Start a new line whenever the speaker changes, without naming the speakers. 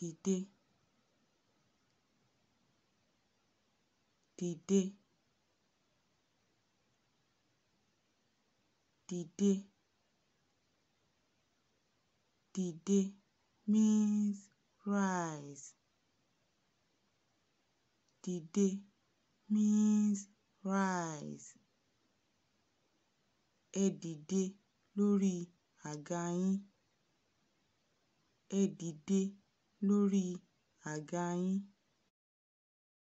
dìde dìde dìde dìde means rise dìde means rise ẹ dìde lórí àga yín ẹ dìde
lórí àga yín